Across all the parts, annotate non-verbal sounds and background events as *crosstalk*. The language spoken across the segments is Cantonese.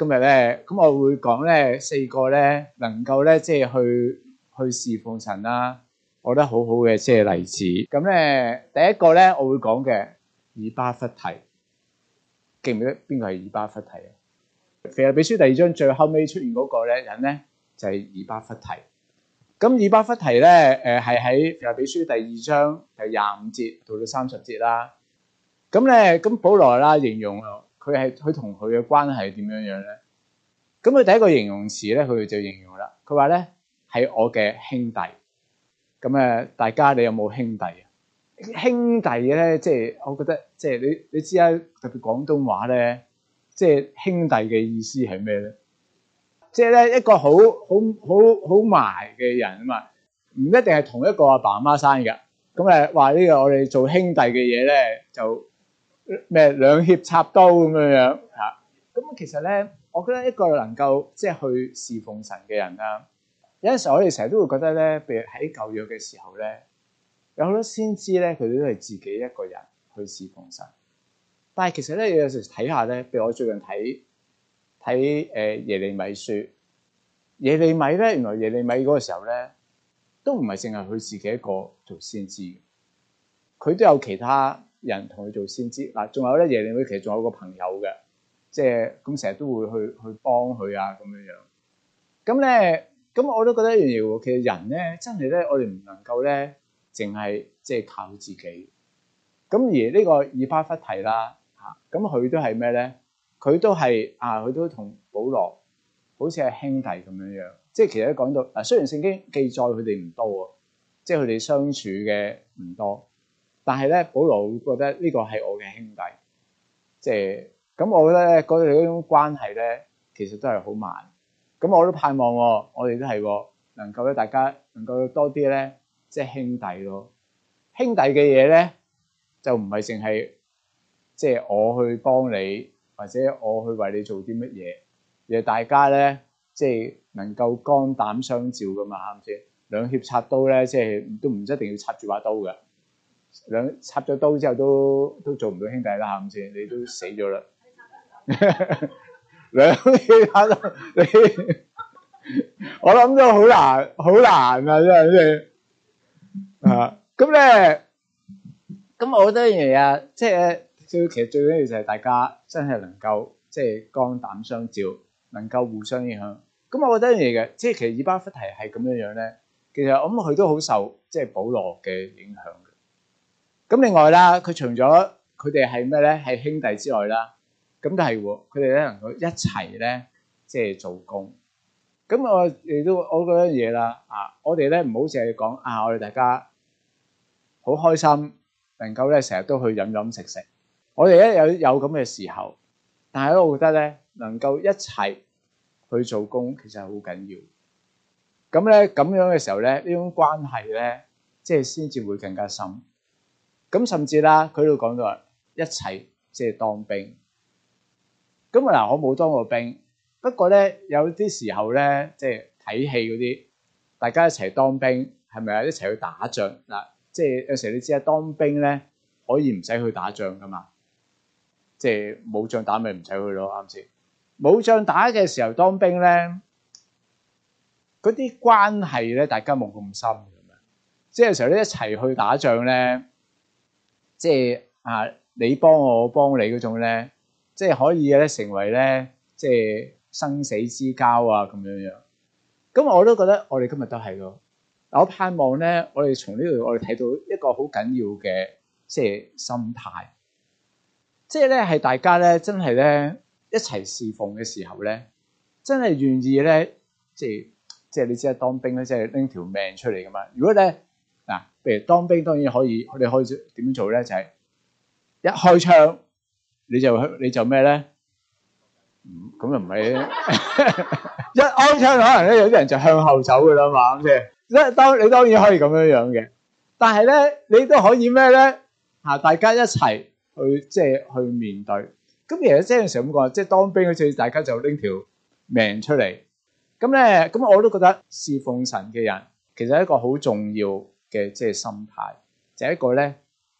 今日咧，咁我會講咧四個咧能夠咧即係去去侍奉神啦，我覺得好好嘅即係例子。咁咧第一個咧我會講嘅，以巴弗提記唔記得邊個係以巴弗提啊？腓立比書第二章最後尾出現嗰個咧人咧就係以巴弗提。咁以巴弗提咧誒係喺腓立比書第二章第廿五節到到三十節啦。咁咧咁保羅啦形容啊。佢係佢同佢嘅關係點樣樣咧？咁佢第一個形容詞咧，佢就形容啦。佢話咧係我嘅兄弟。咁誒，大家你有冇兄弟啊？兄弟咧，即係我覺得即係你你知啊，特別廣東話咧，即係兄弟嘅意思係咩咧？即係咧一個好好好好埋嘅人啊嘛，唔一定係同一個阿爸阿媽生㗎。咁誒話呢個我哋做兄弟嘅嘢咧就。咩兩肋插刀咁樣樣嚇？咁、嗯、其實咧，我覺得一個能夠即係、就是、去侍奉神嘅人啦。有陣時候我哋成日都會覺得咧，譬如喺舊約嘅時候咧，有好多先知咧，佢哋都係自己一個人去侍奉神。但係其實咧，有陣時睇下咧，譬如我最近睇睇誒耶利米書，耶利米咧，原來耶利米嗰個時候咧，都唔係淨係佢自己一個做先知，佢都有其他。人同佢做先知嗱，仲有咧耶利米，其實仲有個朋友嘅，即係咁成日都會去去幫佢啊咁樣樣。咁咧，咁我都覺得一樣嘢喎。其實人咧真係咧，我哋唔能夠咧，淨係即係靠自己。咁而呢個以巴弗提啦嚇，咁佢都係咩咧？佢都係啊，佢都同、啊、保羅好似係兄弟咁樣樣。即係其實講到嗱，雖然聖經記載佢哋唔多啊，即係佢哋相處嘅唔多。但係咧，保羅覺得呢個係我嘅兄弟，即係咁，我覺得咧嗰嗰種關係咧，其實都係好慢。咁我都盼望，我哋都係能夠咧，大家能夠多啲咧，即係兄弟咯。兄弟嘅嘢咧，就唔係淨係即係我去幫你，或者我去為你做啲乜嘢，而係大家咧，即係能夠肝膽相照噶嘛，啱唔啱先？兩肋插刀咧，即係都唔一定要插住把刀嘅，兩插咗刀之後都都做唔到兄弟啦，係咪先？你都死咗啦，兩你我諗都好難，好難啊，真係啊！咁咧，咁我覺得一樣嘢啊，即係其實最緊要就係大家真係能夠即係肝膽相照，能夠互相影響。咁我覺得一樣嘢嘅，即係其實以巴弗提係咁樣樣咧，其實我諗佢都好受即係保羅嘅影響。咁另外啦，佢除咗佢哋係咩咧？係兄弟之外啦，咁但係喎，佢哋咧能夠一齊咧，即係做工。咁我亦都我覺得嘢啦，啊，我哋咧唔好淨係講啊，我哋大家好開心，能夠咧成日都去飲飲食食。我哋咧有有咁嘅時候，但係咧，我覺得咧，能夠一齊去做工，其實係好緊要。咁咧，咁樣嘅時候咧，呢種關係咧，即係先至會更加深。咁甚至啦，佢都講到話一齊即係當兵。咁啊嗱，我冇當過兵，不過咧有啲時候咧即係睇戲嗰啲，大家一齊當兵係咪啊？一齊去打仗嗱，即係有時你知啦，當兵咧可以唔使去打仗噶嘛，即係冇仗打咪唔使去咯，啱唔啱先？冇仗打嘅時候當兵咧，嗰啲關係咧大家冇咁深嘅，即係有時候你一齊去打仗咧。即係啊！你幫我，我幫你嗰種咧，即係可以咧成為咧，即係生死之交啊！咁樣樣，咁我都覺得我哋今日都係咯。我盼望咧，我哋從呢度我哋睇到一個好緊要嘅即係心態，即係咧係大家咧真係咧一齊侍奉嘅時候咧，真係願意咧即係即係你知啦，當兵咧即係拎條命出嚟㗎嘛。如果咧～嗱，譬如當兵當然可以，你可以點樣做咧？就係、是、一開槍你就你就咩咧？咁、嗯、又唔係 *laughs* *laughs* *laughs* 一開槍可能咧有啲人就向後走㗎喇嘛，咁即係一當你當然可以咁樣樣嘅，但係咧你都可以咩咧？嚇，大家一齊去即係去面對。咁其實即係成咁講，即、就、係、是、當兵好似大家就拎條命出嚟。咁咧咁我都覺得侍奉神嘅人其實係一個好重要，嘅即係心態，就係一個咧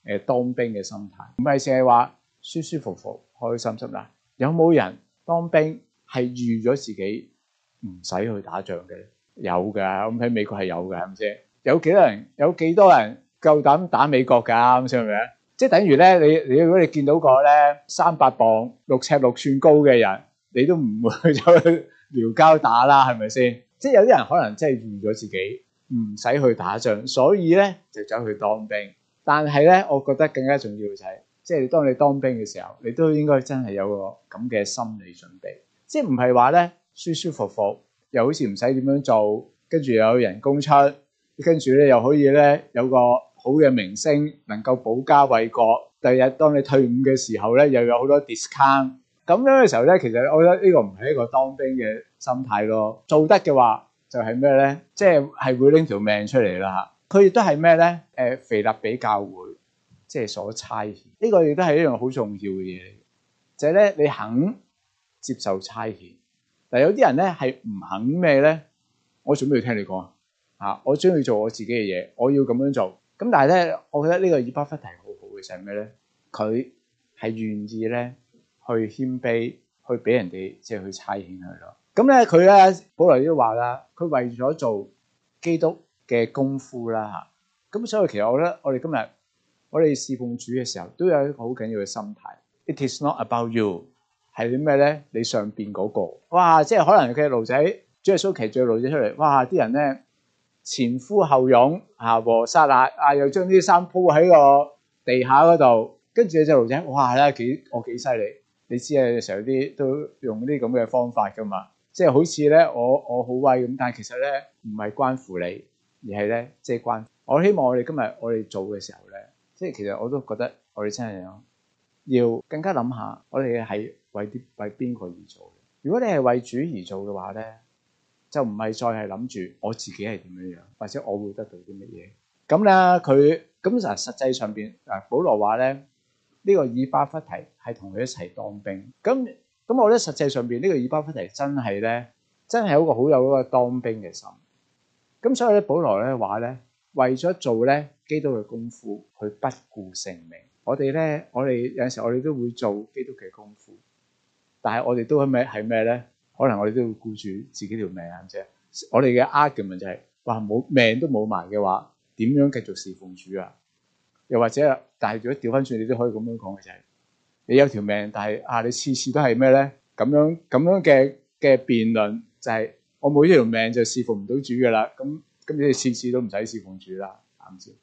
誒當兵嘅心態，唔係淨係話舒舒服服、開開心心啦。有冇人當兵係預咗自己唔使去打仗嘅？有㗎，我諗喺美國係有㗎，係咪先？有幾多人？有幾多人夠膽打美國㗎？咁先係咪啊？即係等於咧，你你如果你見到個咧三百磅六尺六寸高嘅人，你都唔會去撩交打啦，係咪先？即係有啲人可能即係預咗自己。唔使去打仗，所以咧就走去當兵。但係咧，我覺得更加重要就係，即係當你當兵嘅時候，你都應該真係有個咁嘅心理準備，即係唔係話咧舒舒服服，又好似唔使點樣做，跟住又有人工出，跟住咧又可以咧有個好嘅名聲能夠保家衛國。第日當你退伍嘅時候咧，又有好多 discount。咁樣嘅時候咧，其實我覺得呢個唔係一個當兵嘅心態咯。做得嘅話。就係咩咧？即係會拎條命出嚟啦嚇！佢亦都係咩咧？誒，腓立比教會即係所差遣，呢個亦都係一樣好重要嘅嘢嚟。就係咧，你肯接受差遣，但有啲人咧係唔肯咩咧？我做咩要聽你講啊！我中意做我自己嘅嘢，我要咁樣做。咁但係咧，我覺得呢個以巴弗提好好嘅就係咩咧？佢係願意咧去謙卑，去俾人哋即係去差遣佢咯。咁咧佢咧保羅都話啦，佢為咗做基督嘅功夫啦嚇，咁所以其實我覺得我哋今日我哋侍奉主嘅時候都有一個好緊要嘅心態。It is not about you，係啲咩咧？你上邊嗰個哇，即係可能佢嘅驢仔，Jesus 騎著驢仔出嚟，哇！啲人咧前呼後擁嚇，和撒那啊，又將啲衫鋪喺個地下嗰度，跟住隻驢仔，哇！幾我幾犀利，你知啊？成日啲都用啲咁嘅方法噶嘛～即係好似咧，我我好威咁，但係其實咧唔係關乎你，而係咧即係關。我希望我哋今日我哋做嘅時候咧，即係其實我都覺得我哋真係要要更加諗下，我哋係為啲為邊個而做。如果你係為主而做嘅話咧，就唔係再係諗住我自己係點樣樣，或者我會得到啲乜嘢。咁啦，佢咁實實際上邊啊？保羅話咧，呢個以巴弗提係同佢一齊當兵咁。咁我咧，實際上邊，呢個以巴弗提真係咧，真係有一個好有嗰個當兵嘅心。咁所以咧，保羅咧話咧，為咗做咧基督嘅功夫，佢不顧性命。我哋咧，我哋有陣時我哋都會做基督嘅功夫，但係我哋都係咩係咩咧？可能我哋都會顧住自己條命啫。我哋嘅 argument 就係話冇命都冇埋嘅話，點樣繼續侍奉主啊？又或者但係如果調翻轉，你都可以咁樣講嘅就係、是。你有條命，但係啊，你次次都係咩咧？咁樣咁樣嘅嘅辯論就係我冇呢條命就侍奉唔到主噶啦。咁咁你次次都唔使侍奉主啦，係唔係先？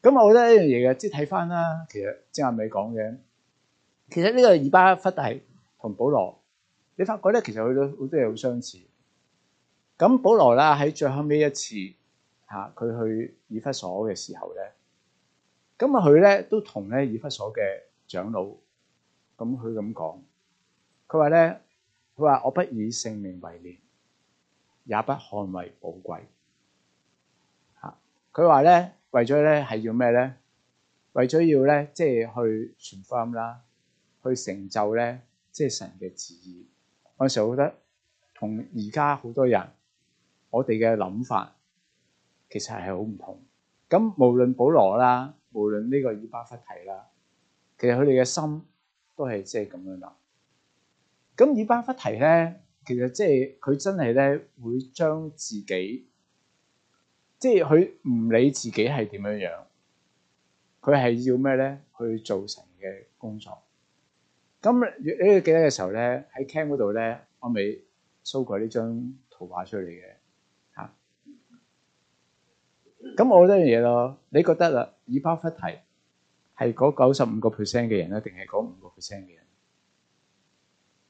咁我覺得一樣嘢嘅，即係睇翻啦。其實即係阿美講嘅，其實呢個以巴弗係同保羅，你發覺咧，其實佢都好多嘢好相似。咁保羅啦，喺最後尾一次嚇佢去以弗所嘅時候咧，咁啊佢咧都同咧以弗所嘅長老。咁佢咁講，佢話咧，佢話我不以性命為念，也不看為寶貴。嚇、啊，佢話咧，為咗咧係要咩咧？為咗要咧，即係去傳福音啦，去成就咧，即係神嘅旨意。嗰時我覺得同而家好多人，我哋嘅諗法其實係好唔同。咁無論保羅啦，無論呢個以巴弗提啦，其實佢哋嘅心。都係即係咁樣諗。咁以巴弗提咧，其實即係佢真係咧會將自己，即係佢唔理自己係點樣樣，佢係要咩咧去做成嘅工作。咁誒，你記得嘅時候咧，喺 camp 嗰度咧，我咪 show 過呢張圖畫出嚟嘅嚇。咁、啊、我覺得樣嘢咯，你覺得啦？以巴弗提，係嗰九十五個 percent 嘅人咧，定係嗰五個 percent 嘅人？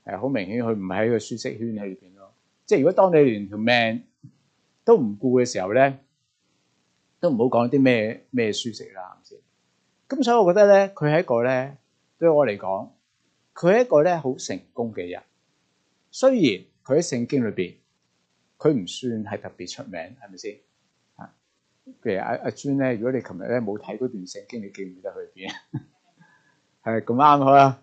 係好明顯，佢唔喺個舒適圈喺裏邊咯。即係如果當你連條命都唔顧嘅時候咧，都唔好講啲咩咩舒適啦，係咪先？咁所以，我覺得咧，佢係一個咧，對我嚟講，佢係一個咧好成功嘅人。雖然佢喺聖經裏邊，佢唔算係特別出名，係咪先？譬如阿阿尊咧，如果你琴日咧冇睇嗰段聖經，你記唔記得去邊？係咁啱嗬？好啦。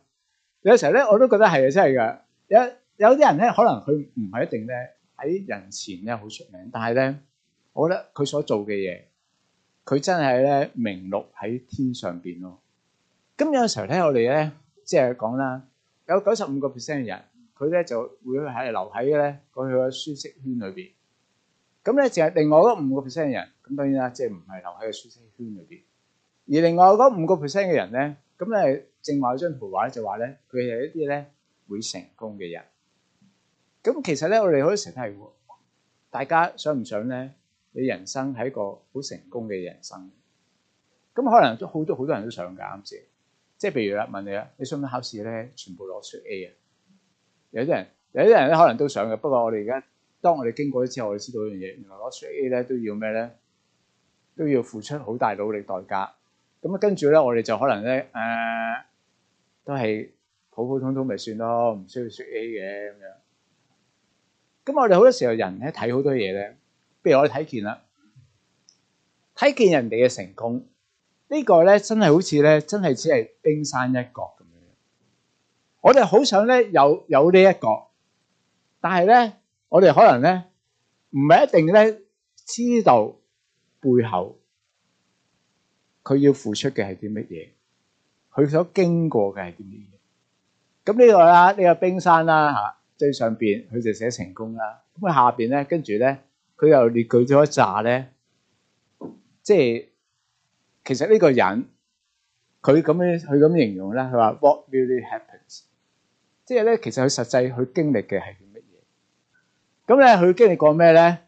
有時候咧，我都覺得係啊，真係噶。有有啲人咧，可能佢唔係一定咧喺人前咧好出名，但係咧，我覺得佢所做嘅嘢，佢真係咧名錄喺天上邊咯。咁有時候咧，我哋咧即係講啦，有九十五個 percent 嘅人，佢咧就會喺留喺咧嗰個舒適圈裏邊。咁咧，就係另外嗰五個 percent 嘅人，咁當然啦，即係唔係留喺個舒適圈裏邊。而另外嗰五個 percent 嘅人咧，咁咧正話張圖畫就話咧，佢係一啲咧會成功嘅人。咁其實咧，我哋可以成日大家想唔想咧？你人生係一個好成功嘅人生。咁可能都好多好多人都想㗎，啱先。即係譬如啦，問你啦，你想唔想考試咧？全部攞出 A 啊！有啲人，有啲人咧可能都想嘅，不過我哋而家。當我哋經過咗之後，我哋知道一樣嘢，原來攞 A 咧都要咩咧，都要付出好大努力代價。咁啊，跟住咧，我哋就可能咧，誒，都係普普通通咪算咯，唔需要 A 嘅咁樣。咁我哋好多時候人咧睇好多嘢咧，譬如我哋睇見啦，睇見人哋嘅成功，呢個咧真係好似咧真係只係冰山一角咁樣。我哋好想咧有有呢一個，但係咧。我哋可能咧，唔係一定咧知道背後佢要付出嘅係啲乜嘢，佢所經過嘅係啲乜嘢。咁呢個啦，呢個冰山啦吓，最上邊佢就寫成功啦。咁佢下邊咧，跟住咧，佢又列舉咗一紮咧，即係其實呢個人佢咁樣，佢咁樣形容咧，佢話 What really happens，即係咧，其實佢實際佢經歷嘅係。咁咧，佢經歷過咩咧？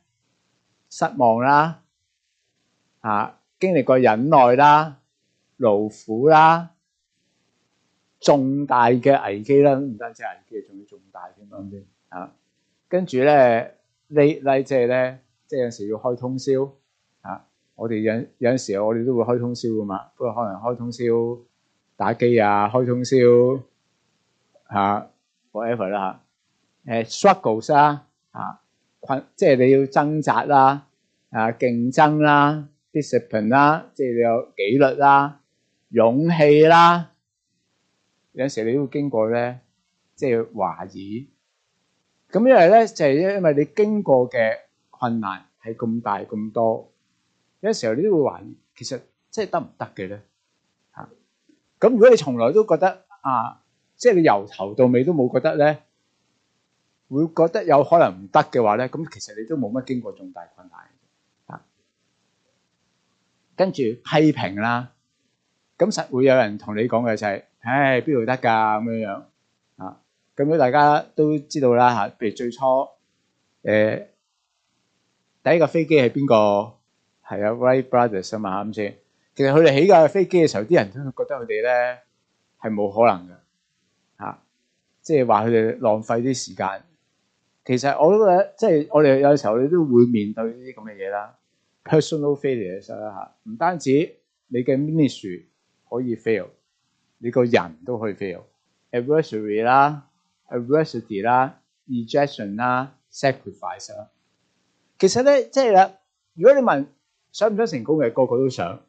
失望啦，啊，經歷過忍耐啦、勞苦啦、重大嘅危機啦，唔單止係危機，仲要重大添啊！跟住咧，例例即係咧，即係有時要開通宵啊！我哋有有陣時我哋都會開通宵㗎嘛，不過可能開通宵打機啊，開通宵啊，whatever 啦嚇，誒 struggles 啊。啊，困即係你要掙扎啦，啊競爭啦，discipline 啦，即係你有紀律啦，勇氣啦，有陣時你都會經過咧，即係懷疑。咁因為咧就係因為你經過嘅困難係咁大咁多，有陣時候你都會懷疑，其實即係得唔得嘅咧？吓，咁如果你從來都覺得啊，即係你由頭到尾都冇覺得咧。會覺得有可能唔得嘅話咧，咁其實你都冇乜經過重大困難啊。跟住批評啦，咁實會有人同你講嘅就係，唉，邊度得㗎咁樣樣啊？咁樣大家都知道啦嚇。譬如最初，誒，第一個飛機係邊個？係啊，Wright Brothers 啊嘛啱先。其實佢哋起架飛機嘅時候，啲人都覺得佢哋咧係冇可能嘅嚇，即係話佢哋浪費啲時間。其實我都覺得，即係我哋有時候你都會面對呢啲咁嘅嘢啦。Personal failure 啦嚇，唔單止你嘅 ministry 可以 fail，你個人都可以 fail。Adversary 啦，adversity 啦，rejection 啦，sacrifice 啦。其實咧，即係啦，如果你問想唔想成功嘅，個個都想。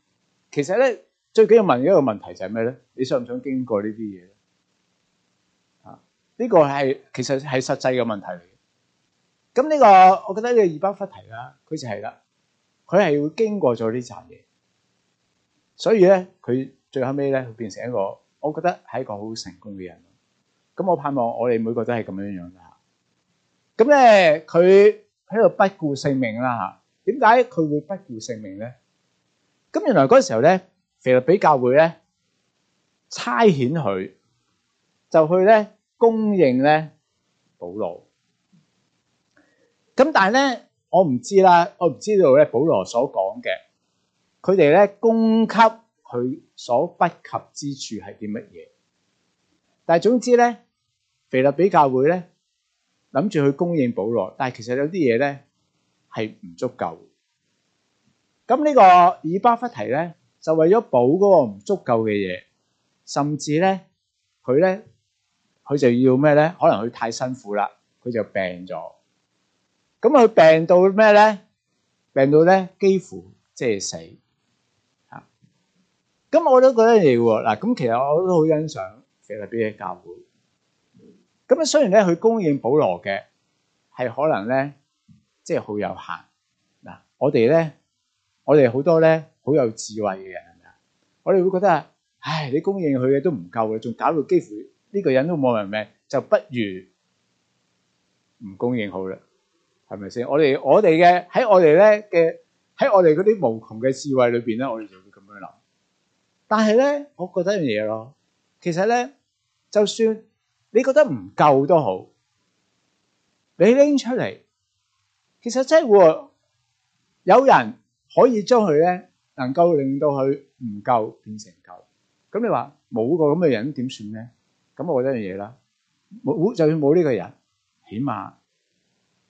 其實咧，最緊要問一個問題就係咩咧？你想唔想經過呢啲嘢咧？啊，呢個係其實係實際嘅問題嚟。咁呢個，我覺得呢個以巴弗提啦，佢就係啦，佢係會經過咗呢扎嘢，所以咧，佢最後尾咧，佢變成一個，我覺得係一個好成功嘅人。咁我盼望我哋每個都係咁樣樣啦。咁咧，佢喺度不顧性命啦。點解佢會不顧性命咧？咁原來嗰時候咧，腓立比教會咧差遣佢，就去咧供應咧保羅。咁但係咧，我唔知啦，我唔知道咧。保羅所講嘅，佢哋咧供給佢所不及之處係啲乜嘢？但係總之咧，腓立比教會咧諗住去供應保羅，但係其實有啲嘢咧係唔足夠。咁呢個以巴弗提咧就為咗補嗰個唔足夠嘅嘢，甚至咧佢咧佢就要咩咧？可能佢太辛苦啦，佢就病咗。咁佢病到咩咧？病到咧幾乎即係死吓。咁我都覺得嘢喎。嗱，咁其實我都好欣賞菲律賓嘅教會。咁啊，雖然咧佢供應保羅嘅係可能咧即係好有限嗱。我哋咧，我哋好多咧好有智慧嘅人，我哋會覺得啊，唉，你供應佢嘅都唔夠，你仲搞到幾乎呢個人都冇人命，就不如唔供應好啦。係咪先？我哋我哋嘅喺我哋咧嘅喺我哋嗰啲無窮嘅智慧裏邊咧，我哋就會咁樣諗。但係咧，我覺得一樣嘢咯，其實咧，就算你覺得唔夠都好，你拎出嚟，其實真係會有人可以將佢咧，能夠令到佢唔夠變成夠。咁、嗯、你話冇個咁嘅人點算咧？咁我覺得一樣嘢啦，冇就算冇呢個人，起碼。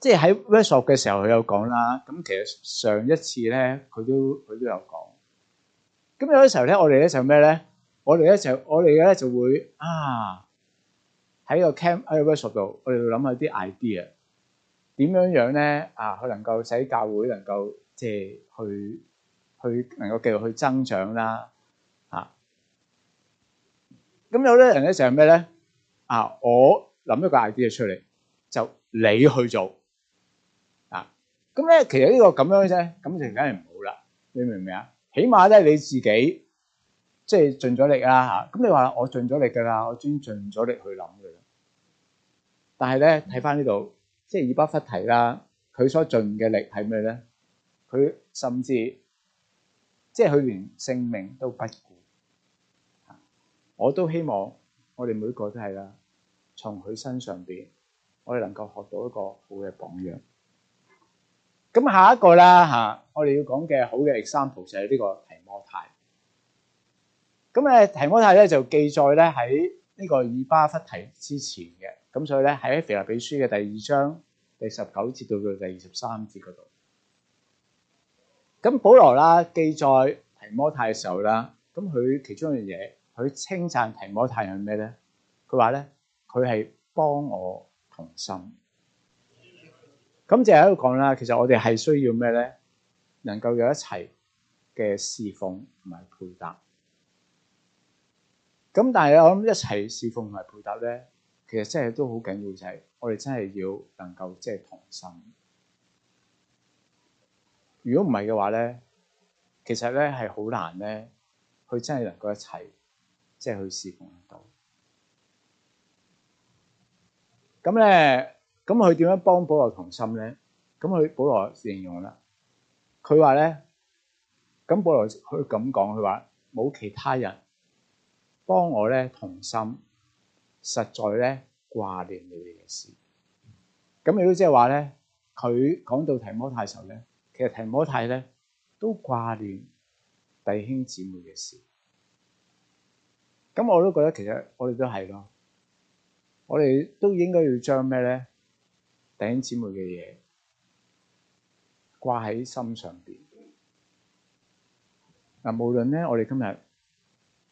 即係喺 workshop 嘅時候，佢有講啦。咁其實上一次咧，佢都佢都有講。咁有啲時候咧，我哋咧就咩咧？我哋咧就我哋咧就會啊，喺個 camp 喺個 workshop 度，我哋會諗下啲 idea 點樣樣咧啊，佢能夠使教會能夠即係去去能夠繼續去增長啦啊！咁有啲人咧就係咩咧？啊，我諗一個 idea 出嚟，就你去做。咁咧，其實呢個咁樣啫，感情梗係唔好啦。你明唔明啊？起碼都係你自己，即係盡咗力啦嚇。咁你話我盡咗力㗎啦，我專盡咗力去諗嘅。但係咧，睇翻呢度，即係以巴弗提啦，佢所盡嘅力係咩咧？佢甚至即係佢連性命都不顧。我都希望我哋每個都係啦，從佢身上邊，我哋能夠學到一個好嘅榜樣。咁下一個啦吓，我哋要講嘅好嘅 example 就係呢個提摩太。咁誒，提摩太咧就記載咧喺呢個以巴弗提之前嘅，咁所以咧喺《腓立比書》嘅第二章第十九節到到第二十三節嗰度。咁保羅啦記載提摩太嘅時候啦，咁佢其中一樣嘢，佢稱讚提摩太係咩咧？佢話咧，佢係幫我同心。咁就喺度講啦，其實我哋係需要咩咧？能夠有一齊嘅侍奉同埋配搭。咁但係我諗一齊侍奉同埋配搭咧，其實真係都好緊要，就係、是、我哋真係要能夠即係、就是、同心。如果唔係嘅話咧，其實咧係好難咧，去真係能夠一齊即係去侍奉得到。咁咧。咁佢點樣幫保羅同心咧？咁佢保羅形容啦，佢話咧，咁保羅佢咁講，佢話冇其他人幫我咧同心，實在咧掛念你哋嘅事。咁亦都即係話咧，佢講到提摩太嘅時候咧，其實提摩太咧都掛念弟兄姊妹嘅事。咁我都覺得其實我哋都係咯，我哋都應該要將咩咧？弟兄姊妹嘅嘢掛喺心上邊嗱，無論咧，我哋今日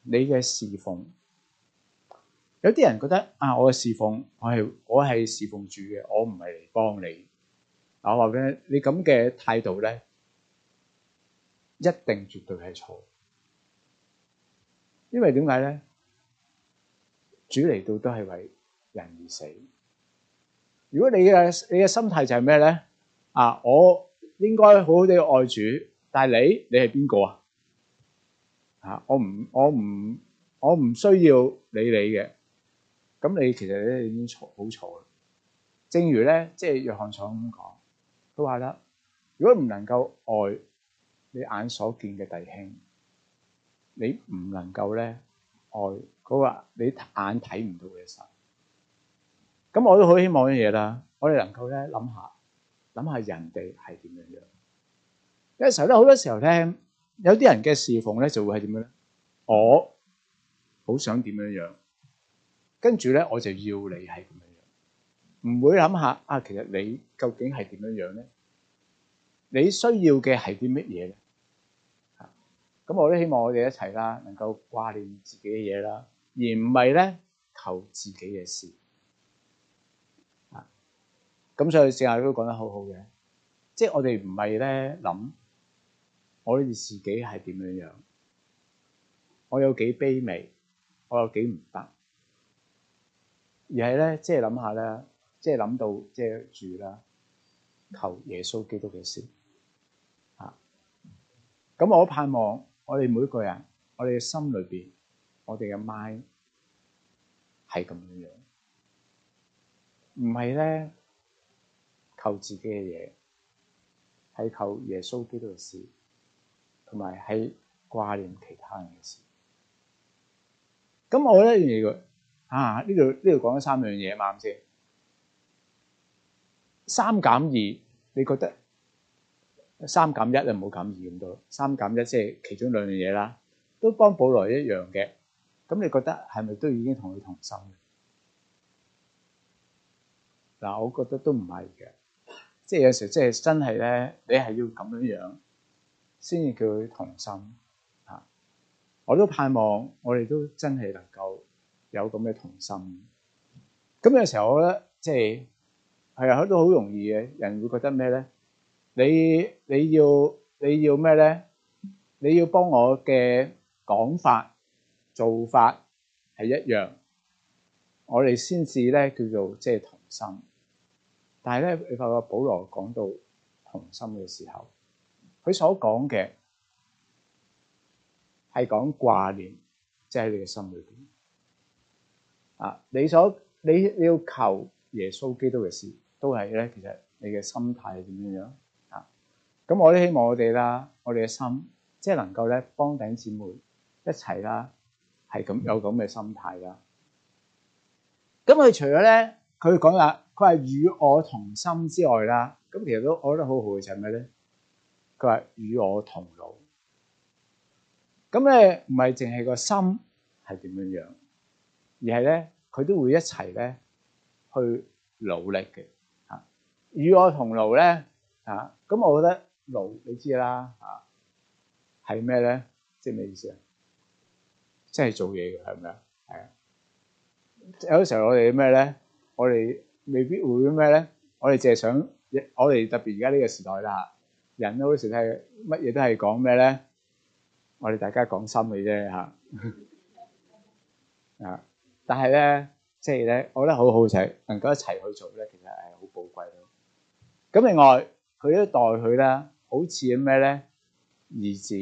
你嘅侍奉，有啲人覺得啊，我嘅侍奉，我係我係侍奉主嘅，我唔係嚟幫你啊！話俾你，你咁嘅態度咧，一定絕對係錯，因為點解咧？主嚟到都係為人而死。如果你嘅你嘅心態就係咩咧？啊，我應該好好地愛主，但係你，你係邊個啊？嚇、啊！我唔我唔我唔需要理你嘅，咁你其實咧已經錯好錯啦。正如咧，即係約翰所咁講，佢話啦：如果唔能夠愛你眼所見嘅弟兄，你唔能夠咧愛佢話你眼睇唔到嘅神。咁我都好希望一樣嘢啦，我哋能夠咧諗下諗下人哋係點樣樣。有陣時候咧，好多時候咧，有啲人嘅侍奉咧，就會係點樣咧？我好想點樣樣，跟住咧我就要你係咁樣樣，唔會諗下啊，其實你究竟係點樣樣咧？你需要嘅係啲乜嘢咧？咁我都希望我哋一齊啦，能夠掛念自己嘅嘢啦，而唔係咧求自己嘅事。咁所以上次都講得好好嘅，即係我哋唔係咧諗，我哋自己係點樣樣，我有幾卑微，我有幾唔得，而係咧即係諗下咧，即係諗到即係住啦，求耶穌基督嘅事。嚇、啊。咁我盼望我哋每個人，我哋嘅心裏邊，我哋嘅 mind 係咁樣樣，唔係咧。靠自己嘅嘢，係靠耶穌基督嘅事，同埋係掛念其他人嘅事。咁我咧認為啊，呢度呢度講咗三樣嘢嘛。啱先三減二，你覺得三減一唔好減二咁多，三減一即係其中兩樣嘢啦，都幫保羅一樣嘅。咁你覺得係咪都已經同佢同心？嗱，啊，我覺得都唔係嘅。即係有時，即係真係咧，你係要咁樣樣，先至叫佢同心啊！我都盼望我哋都真係能夠有咁嘅同心。咁有時候我覺得，即係係啊，都好容易嘅人會覺得咩咧？你你要你要咩咧？你要幫我嘅講法、做法係一樣，我哋先至咧叫做即係同心。但係咧，你發覺保羅講到同心嘅時候，佢所講嘅係講掛念，即係喺你嘅心裏邊啊！你所你要求耶穌基督嘅事，都係咧，其實你嘅心態係點樣樣啊？咁我都希望我哋啦，我哋嘅心即係能夠咧幫頂姊妹一齊啦，係咁有咁嘅心態啦。咁佢除咗咧。佢講啦，佢話與我同心之外啦，咁其實都，我覺得好好嘅，就係咩咧？佢話與我同勞，咁咧唔係淨係個心係點樣樣，而係咧佢都會一齊咧去努力嘅吓。與我同勞咧吓，咁我覺得勞你知啦吓，係咩咧？即係咩意思啊？即係做嘢嘅係咪啊？係啊，有啲時候我哋咩咧？我哋未必會咩咧？我哋淨係想，我哋特別而家呢個時代啦嚇，人都好似係乜嘢都係講咩咧？我哋大家講心嘅啫嚇，啊！但係咧，即係咧，我覺得好好仔，能夠一齊去做咧，其實係好寶貴囉。咁另外，佢都待佢啦，好似咩咧？兒子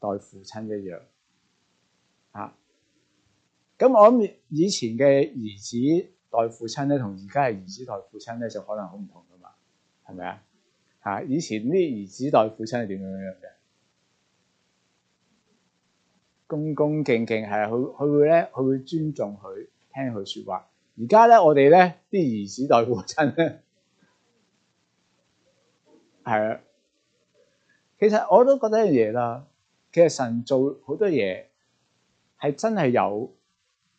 待父親一樣啊！咁我諗以前嘅兒子代父親咧，同而家嘅兒子代父親咧，就可能好唔同㗎嘛，係咪啊？嚇！以前啲兒子代父親係點樣樣嘅？恭恭敬敬係佢，佢會咧，佢會尊重佢，聽佢說話。而家咧，我哋咧啲兒子代父親咧，係 *laughs* 啊。其實我都覺得一樣嘢啦。其實神做好多嘢係真係有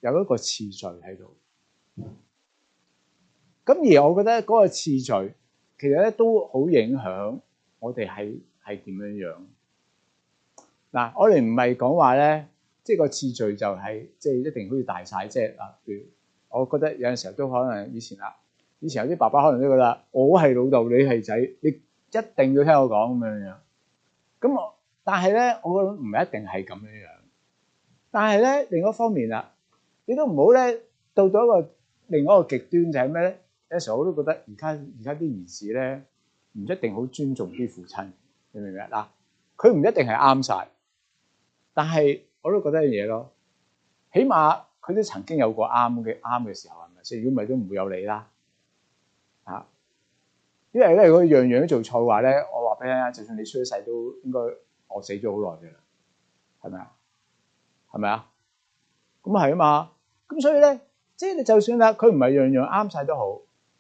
有一個次序喺度。咁而我覺得嗰個次序其實咧都好影響我哋係係點樣樣。嗱，我哋唔係講話咧，即係個次序就係即係一定好似大晒。即係啊。我覺得有陣時候都可能以前啦，以前有啲爸爸可能都覺得我係老豆，你係仔，你一定要聽我講咁樣樣。咁我但係咧，我諗唔係一定係咁樣樣。但係咧，另一方面啦，你都唔好咧到咗一個另外一個極端，就係咩咧？有時候我都覺得而家而家啲兒子咧唔一定好尊重啲父親，你明唔明啊？佢唔一定係啱晒，但係我都覺得一嘢咯。起碼佢都曾經有過啱嘅啱嘅時候，係咪先？如果唔係都唔會有你啦。啊，因為咧，如果樣樣都做錯嘅話咧，我話俾你聽，就算你出世都應該我死咗好耐嘅啦，係咪啊？係咪啊？咁係啊嘛。咁所以咧，即係你就算啦，佢唔係樣樣啱晒都好。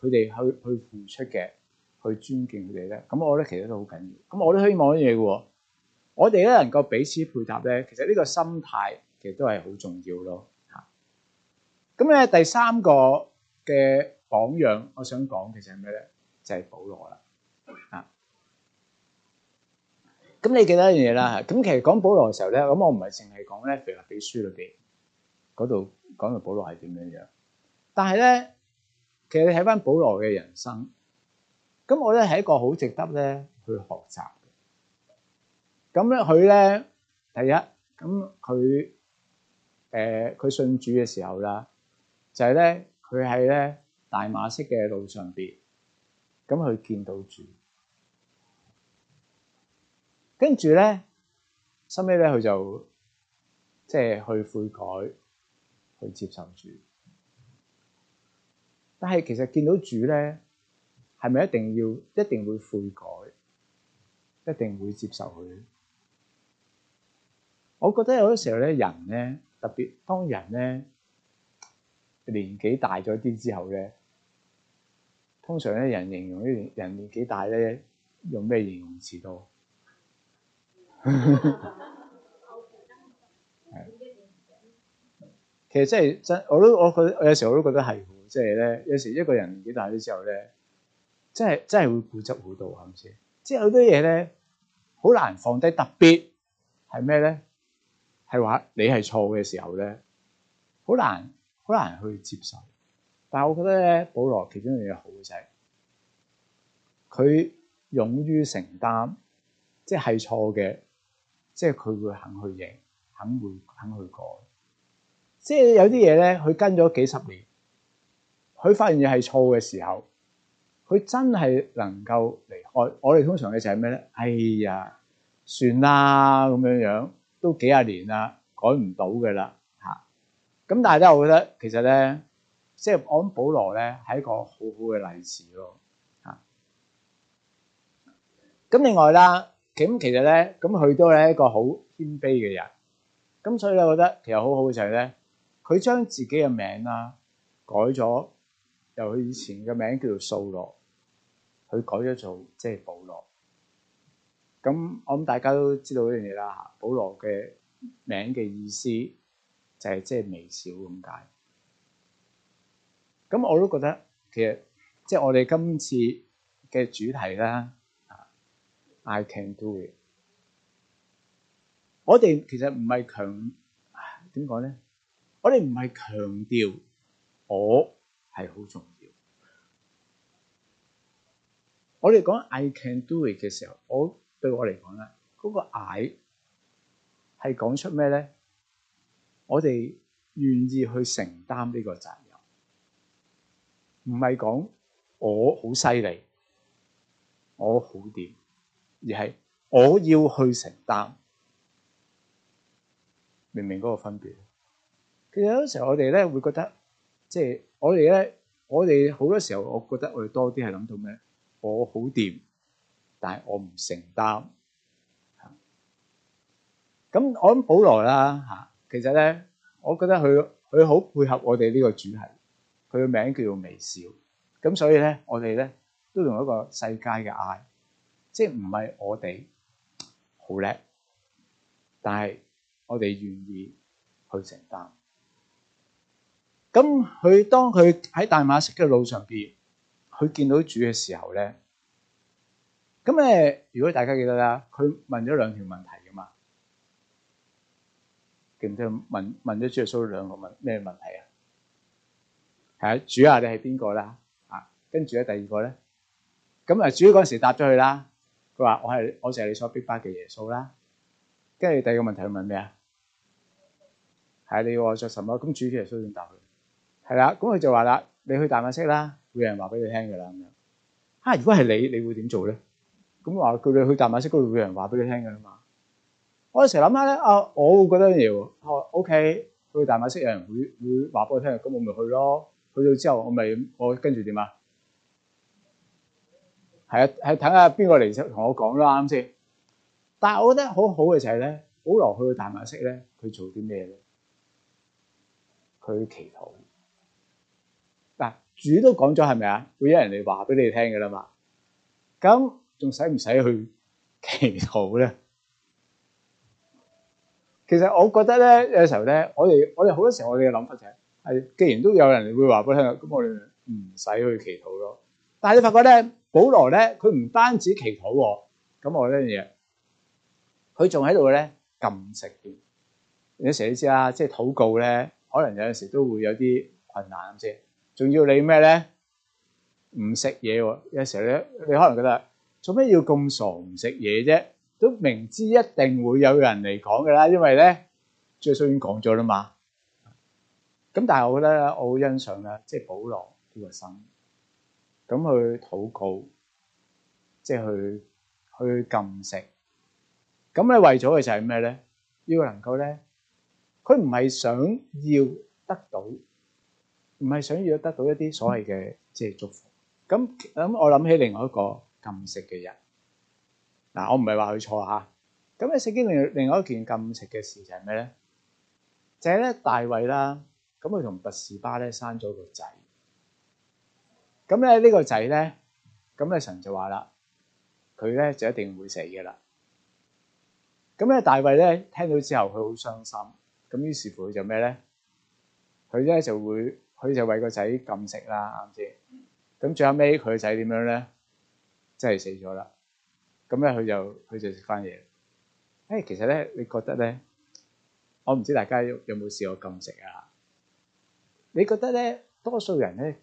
佢哋去去付出嘅，去尊敬佢哋咧，咁我覺得其實都好緊要。咁我都希望一樣嘢嘅喎，我哋咧能夠彼此配搭咧，其實呢個心態其實都係好重要咯。嚇，咁咧第三個嘅榜樣，我想講其實係咩咧？就係保羅啦。啊，咁你記得一樣嘢啦。咁其實講保羅嘅時候咧，咁我唔係淨係講《腓立比書》裏邊嗰度講到保羅係點樣樣，但係咧。其實你睇翻保羅嘅人生，咁我咧係一個好值得咧去學習嘅。咁咧佢咧第一，咁佢誒佢信主嘅時候啦，就係咧佢喺咧大馬色嘅路上邊，咁佢見到主，跟住咧，收尾咧佢就即係去悔改，去接受主。但係其實見到主咧，係咪一定要一定會悔改，一定會接受佢？我覺得有時候咧，人咧特別，當人咧年紀大咗啲之後咧，通常咧人形容呢，人年紀大咧，用咩形容詞都。 *laughs* 其實真係真，我都我覺得有時候我都覺得係。即係咧，有時一個人幾大咗之後咧，真係真係會固執好多，係唔係先？即係好多嘢咧，好難放低。特別係咩咧？係話你係錯嘅時候咧，好難好難去接受。但係我覺得咧，保羅其中一樣嘢好嘅就係佢勇於承擔，即係係錯嘅，即係佢會肯去認，肯會肯去講。即係有啲嘢咧，佢跟咗幾十年。佢發現嘢係錯嘅時候，佢真係能夠離開。我哋通常嘅就係咩咧？哎呀，算啦，咁樣樣都幾廿年啦，改唔到嘅啦嚇。咁但係咧，我覺得其實咧，即係我諗，保羅咧係一個好好嘅例子咯嚇。咁另外啦，咁其實咧，咁佢都係一個好謙卑嘅人。咁所以咧，我覺得其實好好嘅就係咧，佢將自己嘅名啊改咗。由佢以前嘅名叫做掃羅，佢改咗做即係保羅。咁我諗大家都知道呢樣嘢啦吓，保羅嘅名嘅意思就係即係微小咁解。咁我都覺得其實即係我哋今次嘅主題啦，啊，I can do it 我。我哋其實唔係強，點講咧？我哋唔係強調我係好重要。我哋講 I can do it 嘅時候，我對我嚟講咧，嗰個 I 係講出咩咧？我哋願意去承擔呢個責任，唔係講我好犀利，我好掂，而係我要去承擔。明唔明嗰個分別？其實有啲時候我哋咧會覺得，即係我哋咧，我哋好多時候，我覺得我哋多啲係諗到咩？我好掂，但係我唔承擔。咁我諗保羅啦吓，其實咧，我覺得佢佢好配合我哋呢個主題，佢嘅名叫做微笑。咁所以咧，我哋咧都用一個世界嘅嗌，即係唔係我哋好叻，但係我哋願意去承擔。咁佢當佢喺大馬士革路上邊，佢見到主嘅時候咧，咁咧如果大家記得啦，佢問咗兩條問題噶嘛，記唔記得問問咗主耶穌兩個問咩問題啊？係啊，主啊，你係邊個啦？啊，跟住咧第二個咧，咁啊，主嗰陣時答咗佢啦，佢話我係我就係你所逼迫嘅耶穌啦。跟住第二個問題佢問咩啊？係你著什麼？咁主耶穌點答佢？係啦，咁佢就話啦，你去大馬色啦。會有人話俾你聽㗎啦，咁樣嚇。如果係你，你會點做咧？咁話叫你去大馬色，嗰度會有人話俾你聽㗎嘛。我成日諗下咧，啊，我會覺得嘢喎。我、啊、OK，去大馬色有人會會話俾我聽，咁我咪去咯。去到之後，我咪我跟住點啊？係啊，係睇下邊個嚟同我講啦，啱先。但係我覺得好好嘅就係、是、咧，保羅去到大馬色咧，佢做啲咩咧？佢祈禱。主都講咗係咪啊？會有人嚟話俾你聽嘅啦嘛。咁仲使唔使去祈禱咧？其實我覺得咧，有時候咧，我哋我哋好多時候我哋嘅諗法就係，係既然都有人會話俾你聽，咁我哋唔使去祈禱咯。但係你發覺咧，保羅咧，佢唔單止祈禱喎，咁我呢樣嘢，佢仲喺度咧禁食。有時你知啦，即係禱告咧，可能有陣時都會有啲困難咁先。仲要你咩咧？唔食嘢喎，有時候咧，你可能覺得做咩要咁傻唔食嘢啫？都明知一定會有人嚟講嘅啦，因為咧，最衰已經講咗啦嘛。咁但係我覺得我好欣賞啦，即係保羅呢個心，咁去禱告，即係去去禁食。咁你為咗嘅就係咩咧？要能夠咧，佢唔係想要得到。唔係想要得到一啲所謂嘅即係祝福。咁咁，我諗起另外一個禁食嘅人。嗱，我唔係話佢錯吓。咁喺聖經另另外一件禁食嘅事就係咩咧？就係咧大衛啦。咁佢同拔士巴咧生咗個仔。咁咧呢個仔咧，咁咧神就話啦，佢咧就一定會死嘅啦。咁咧大衛咧聽到之後，佢好傷心。咁於是乎佢就咩咧？佢咧就會。佢就為個仔禁食啦，啱先？咁最後尾，佢個仔點樣咧？真係死咗啦！咁咧佢就佢就食翻嘢。誒、欸，其實咧你覺得咧，我唔知大家有冇試過禁食啊？你覺得咧多數人咧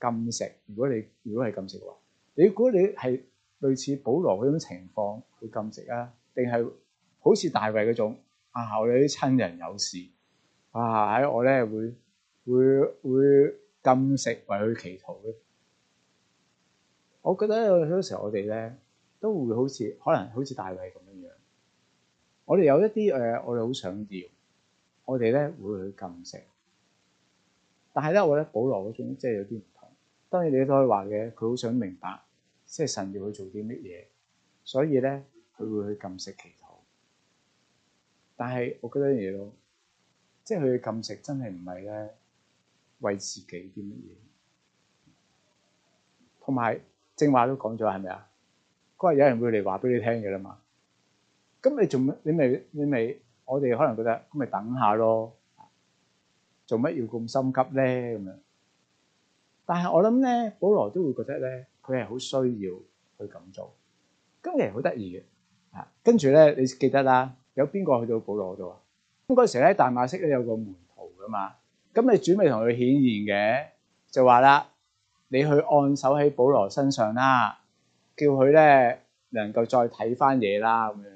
禁食，如果你如果係禁食嘅話，你估你係類似保羅嗰種情況去禁食啊，定係好似大衛嗰種啊？我哋啲親人有事啊，喺我咧會。會會禁食為佢祈禱嘅，我覺得有好多時候我哋咧都會好似可能好似大衛咁樣樣，我哋有一啲誒我哋好想要，我哋咧會去禁食，但係咧我覺得保羅嗰種即係有啲唔同。當然你都可以話嘅，佢好想明白，即係神要佢做啲乜嘢，所以咧佢會去禁食祈禱。但係我覺得嘢咯，即係佢禁食真係唔係咧。為自己啲乜嘢，同埋正話都講咗，係咪啊？嗰日有人會嚟話俾你聽嘅啦嘛。咁你做乜？你咪你咪，我哋可能覺得咁咪等下咯。做乜要咁心急咧？咁樣。但係我諗咧，保羅都會覺得咧，佢係好需要去咁做。咁其實好得意嘅。啊，跟住咧，你記得啦，有邊個去到保羅嗰度啊？嗰陣時咧，大馬色咧有個門徒噶嘛。咁你主未同佢顯現嘅，就話啦，你去按手喺保羅身上啦，叫佢咧能夠再睇翻嘢啦，咁樣樣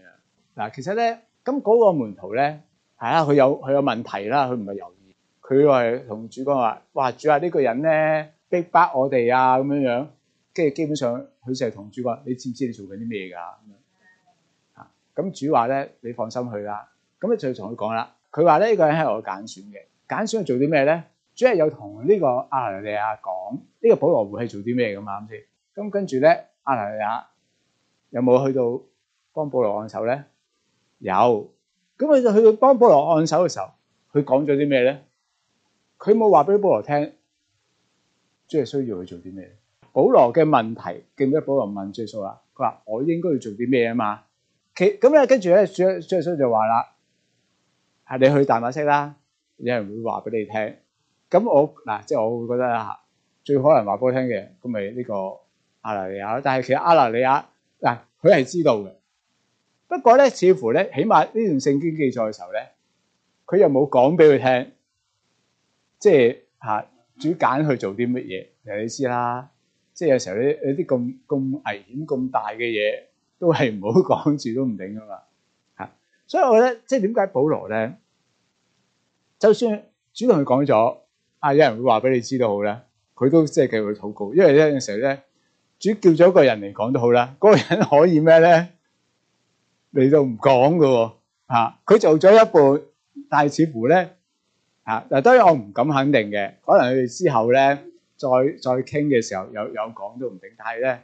嗱。其實咧，咁嗰個門徒咧係啦，佢有佢有問題啦，佢唔係猶豫，佢話同主講話，哇，主啊呢個人咧逼迫我哋啊，咁樣樣。跟住基本上佢就係同主講，你知唔知你做緊啲咩㗎？咁主話咧，你放心去啦。咁你就同佢講啦，佢話咧呢個人係我揀選嘅。揀選去做啲咩咧？主有同呢個亞拿尼亞講呢個保羅會去做啲咩嘛？啱、嗯、先。咁跟住咧，亞拿尼亞有冇去到幫保羅按手咧？有。咁佢就去到幫保羅按手嘅時候，佢講咗啲咩咧？佢冇話俾保羅聽，即係需要去做啲咩。保羅嘅問題，記唔記得保羅問耶穌啦？佢話我應該要做啲咩啊嘛？其咁咧、嗯，跟住咧，主主耶穌就話啦，係你去大馬色啦。有人會話俾你聽，咁我嗱，即係我會覺得啊，最可能話俾我聽嘅，咁咪呢個阿拉利亞。但係其實阿拉利亞嗱，佢係知道嘅。不過咧，似乎咧，起碼呢段聖經記載嘅時候咧，佢又冇講俾佢聽，即係嚇、啊、主揀去做啲乜嘢，其實你知啦。嗯、即係有時候啲有啲咁咁危險、咁大嘅嘢，都係唔好講住都唔定噶嘛嚇。所以我覺得即係點解保羅咧？就算主同佢講咗，啊有人會話俾你知都好咧，佢都即係繼續禱告。因為有一陣時候咧，主叫咗一個人嚟講都好啦，嗰個人可以咩咧你都唔講嘅喎，嚇佢做咗一半，但係似乎咧嚇嗱，當然我唔敢肯定嘅，可能佢哋之後咧再再傾嘅時候有有講都唔定。但係咧，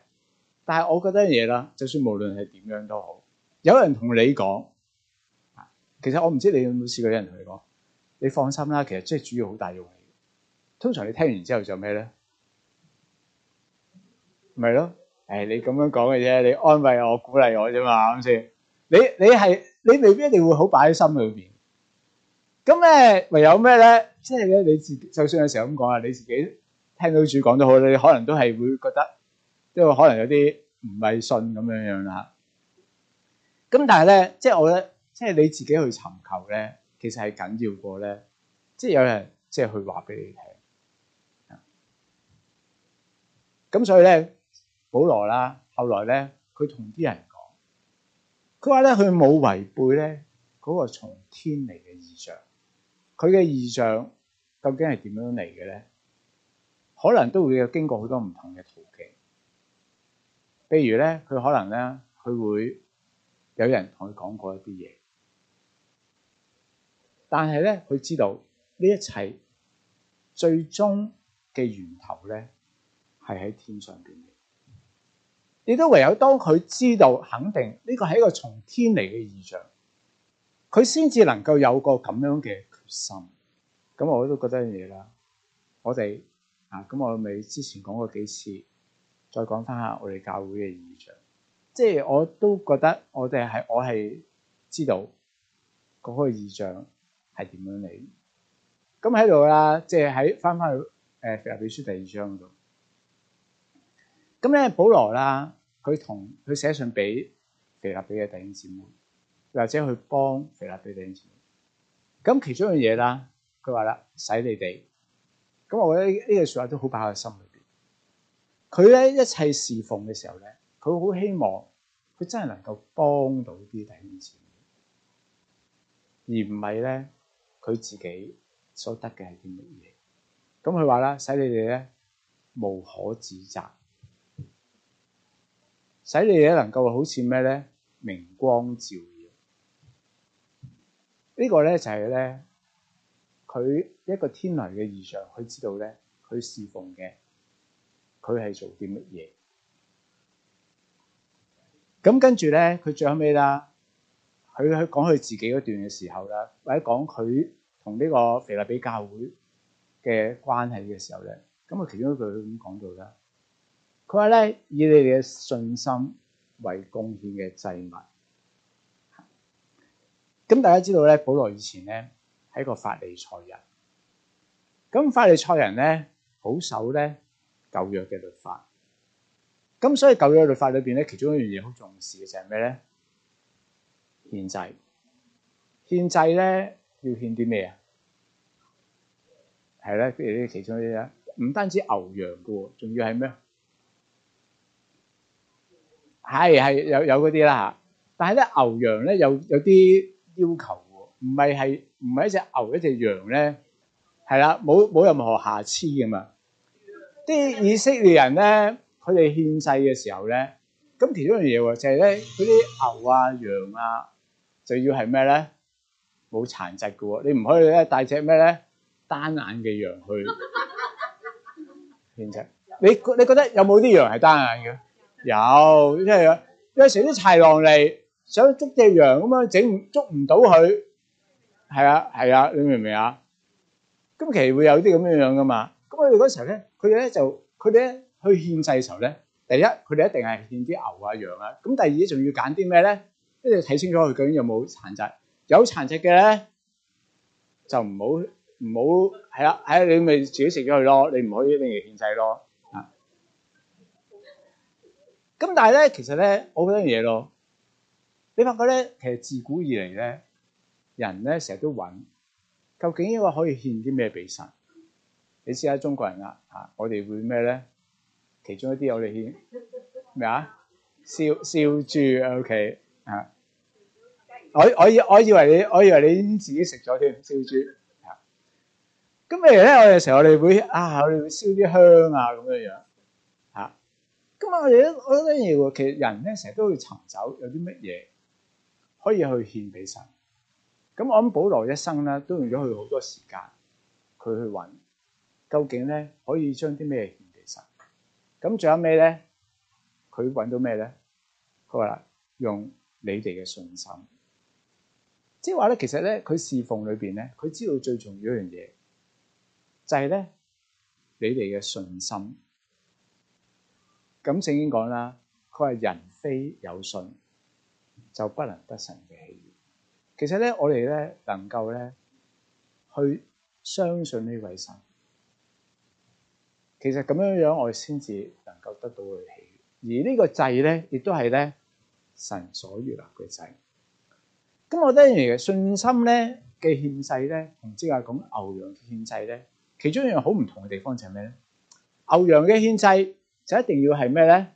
但係我覺得嘢啦，就算無論係點樣都好，有人同你講，其實我唔知你有冇試過有人同你講。你放心啦，其實即係主要好大用嘅。通常你聽完之後就咩咧？咪咯，誒，你咁樣講嘅啫，你安慰我、鼓勵我啫嘛，啱先。你你係你未必一定會好擺喺心裏邊。咁咧唯有咩咧？即係咧你自己，就算有時候咁講啊，你自己聽到主講都好，你可能都係會覺得，即係可能有啲唔係信咁樣樣啦。咁但係咧，即係我咧，即係你自己去尋求咧。其實係緊要過咧，即係有人即係去話俾你聽，咁所以咧，保羅啦，後來咧，佢同啲人講，佢話咧佢冇違背咧嗰個從天嚟嘅異象，佢嘅異象究竟係點樣嚟嘅咧？可能都會有經過好多唔同嘅途徑，譬如咧，佢可能咧，佢會有人同佢講過一啲嘢。但係咧，佢知道呢一切最終嘅源頭咧，係喺天上邊嘅。亦都唯有當佢知道肯定呢個係一個從天嚟嘅異象，佢先至能夠有個咁樣嘅決心。咁我都覺得樣嘢啦。我哋啊，咁我咪之前講過幾次，再講翻下我哋教會嘅異象。即係我都覺得我哋係我係知道嗰個異象。係點樣嚟？咁喺度啦，即係喺翻翻去《誒腓立比書》第二章度。咁咧，保羅啦，佢同佢寫信俾腓立比嘅弟兄姊妹，或者去幫腓立比弟兄姊妹。咁其中嘅嘢啦，佢話啦，使你哋。咁我覺得呢個説話都好擺喺心裏邊。佢咧一切侍奉嘅時候咧，佢好希望佢真係能夠幫到啲弟兄姊妹，而唔係咧。佢自己所得嘅係啲乜嘢？咁佢話啦，使你哋咧無可指責，使你哋能夠好似咩咧明光照耀？這個、呢個咧就係咧佢一個天來嘅異象，佢知道咧佢侍奉嘅佢係做啲乜嘢？咁跟住咧，佢最後尾啦，佢去講佢自己嗰段嘅時候啦，或者講佢，同呢個腓立比教會嘅關係嘅時候咧，咁啊其中一句咁講到啦，佢話咧，以你哋嘅信心為貢獻嘅祭物。咁大家知道咧，保羅以前咧係一個法利賽人，咁法利賽人咧好守咧舊約嘅律法，咁所以舊約律法裏邊咧，其中一樣嘢好重視嘅就係咩咧？獻祭。獻祭咧。要獻啲咩啊？係咧，譬如啲其中啲咧，唔單止牛羊嘅，仲要係咩？係係有有嗰啲啦嚇。但係咧，牛羊咧有有啲要求嘅，唔係係唔係一隻牛一隻羊咧，係啦，冇冇任何瑕疵嘅嘛。啲以色列人咧，佢哋獻祭嘅時候咧，咁其中一樣嘢喎，就係咧嗰啲牛啊羊啊，就要係咩咧？冇殘疾嘅喎，你唔可以咧帶隻咩咧單眼嘅羊去獻祭。你你覺得有冇啲羊係單眼嘅？有，因為有有時啲豺狼嚟想捉隻羊咁樣整，捉唔到佢。係啊係啊，你明唔明啊？咁其實會有啲咁樣樣噶嘛？咁我哋嗰陣時咧，佢哋咧就佢哋咧去獻祭嘅時候咧，第一佢哋一定係獻啲牛啊羊啊。咁第二咧仲要揀啲咩咧？跟住睇清楚佢究竟有冇殘疾。有殘疾嘅咧，就唔好唔好係啦，係啦，你咪自己食咗佢咯，你唔可以一定要獻祭咯。啊，咁但係咧，其實咧，我覺得嘢咯，你發覺咧，其實自古以嚟咧，人咧成日都問，究竟呢個可以獻啲咩俾神？你知啦，中國人啊，啊，我哋會咩咧？其中一啲我哋獻咩啊？笑笑住，OK 啊。我我以我以為你我以為你已經自己食咗添，燒豬。咁譬如咧，我哋成日我哋會啊，我哋會燒啲香啊咁樣樣。嚇！咁啊，我哋都我覺得嘢其實人咧成日都會尋找有啲乜嘢可以去獻俾神。咁我諗保羅一生咧都用咗佢好多時間，佢去揾究竟咧可以將啲咩獻俾神。咁仲有咩咧，佢揾到咩咧？佢話啦：用你哋嘅信心。即係話咧，其實咧，佢侍奉裏邊咧，佢知道最重要一樣嘢，就係咧，你哋嘅信心。咁聖經講啦，佢話人非有信，就不能得神嘅喜悅。其實咧，我哋咧能夠咧，去相信呢位神，其實咁樣樣，我哋先至能夠得到佢喜悅。而呢個祭咧，亦都係咧，神所預立嘅祭。咁我覺得信心咧嘅獻祭咧，同即係講牛羊嘅獻祭咧，其中一樣好唔同嘅地方就係咩咧？牛羊嘅獻祭就一定要係咩咧？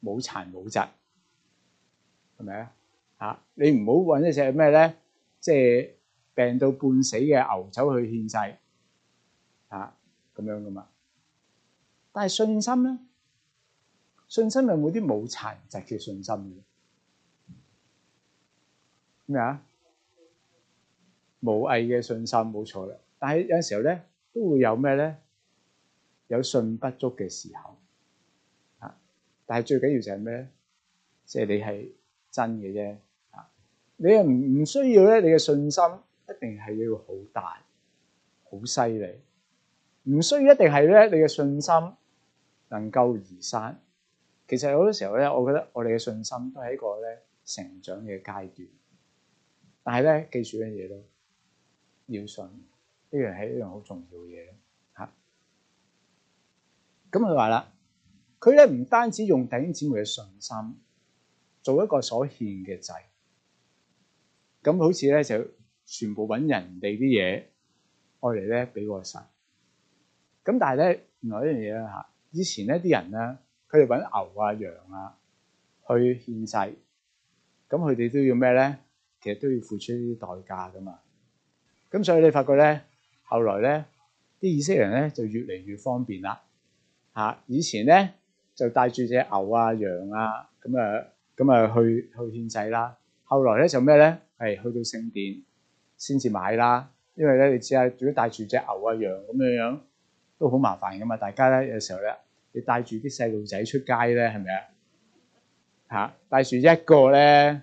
冇殘冇疾，係咪啊？嚇！你唔好揾一隻咩咧？即係病到半死嘅牛走去獻祭，嚇咁樣噶嘛？但係信心咧，信心係冇啲冇殘疾嘅信心嘅。咩啊？無畏嘅信心冇錯啦，但係有陣時候咧，都會有咩咧？有信不足嘅時候啊！但係最緊要就係咩咧？即係你係真嘅啫啊！你唔唔需要咧，你嘅信心一定係要好大、好犀利，唔需要一定係咧，你嘅信心能夠移山。其實好多時候咧，我覺得我哋嘅信心都係一個咧成長嘅階段。但係咧，記住嘅嘢咯，要信呢樣係一樣好重要嘅嘢嚇。咁佢話啦，佢咧唔單止用弟兄姊妹嘅信心，做一個所獻嘅祭，咁好似咧就全部揾人哋啲嘢，愛嚟咧俾個神。咁但係咧另外一樣嘢咧嚇，以前呢啲人咧，佢哋揾牛啊、羊啊去獻祭，咁佢哋都要咩咧？其實都要付出啲代價噶嘛，咁所以你發覺咧，後來咧啲以色列人咧就越嚟越方便啦，吓、啊、以前咧就帶住隻牛啊羊啊咁啊咁啊去去，去獻祭啦，後來咧就咩咧係去到聖殿先至買啦，因為咧你知啊，如果帶住隻牛啊羊咁樣樣都好麻煩噶嘛，大家咧有時候咧你帶住啲細路仔出街咧係咪啊吓帶住一個咧。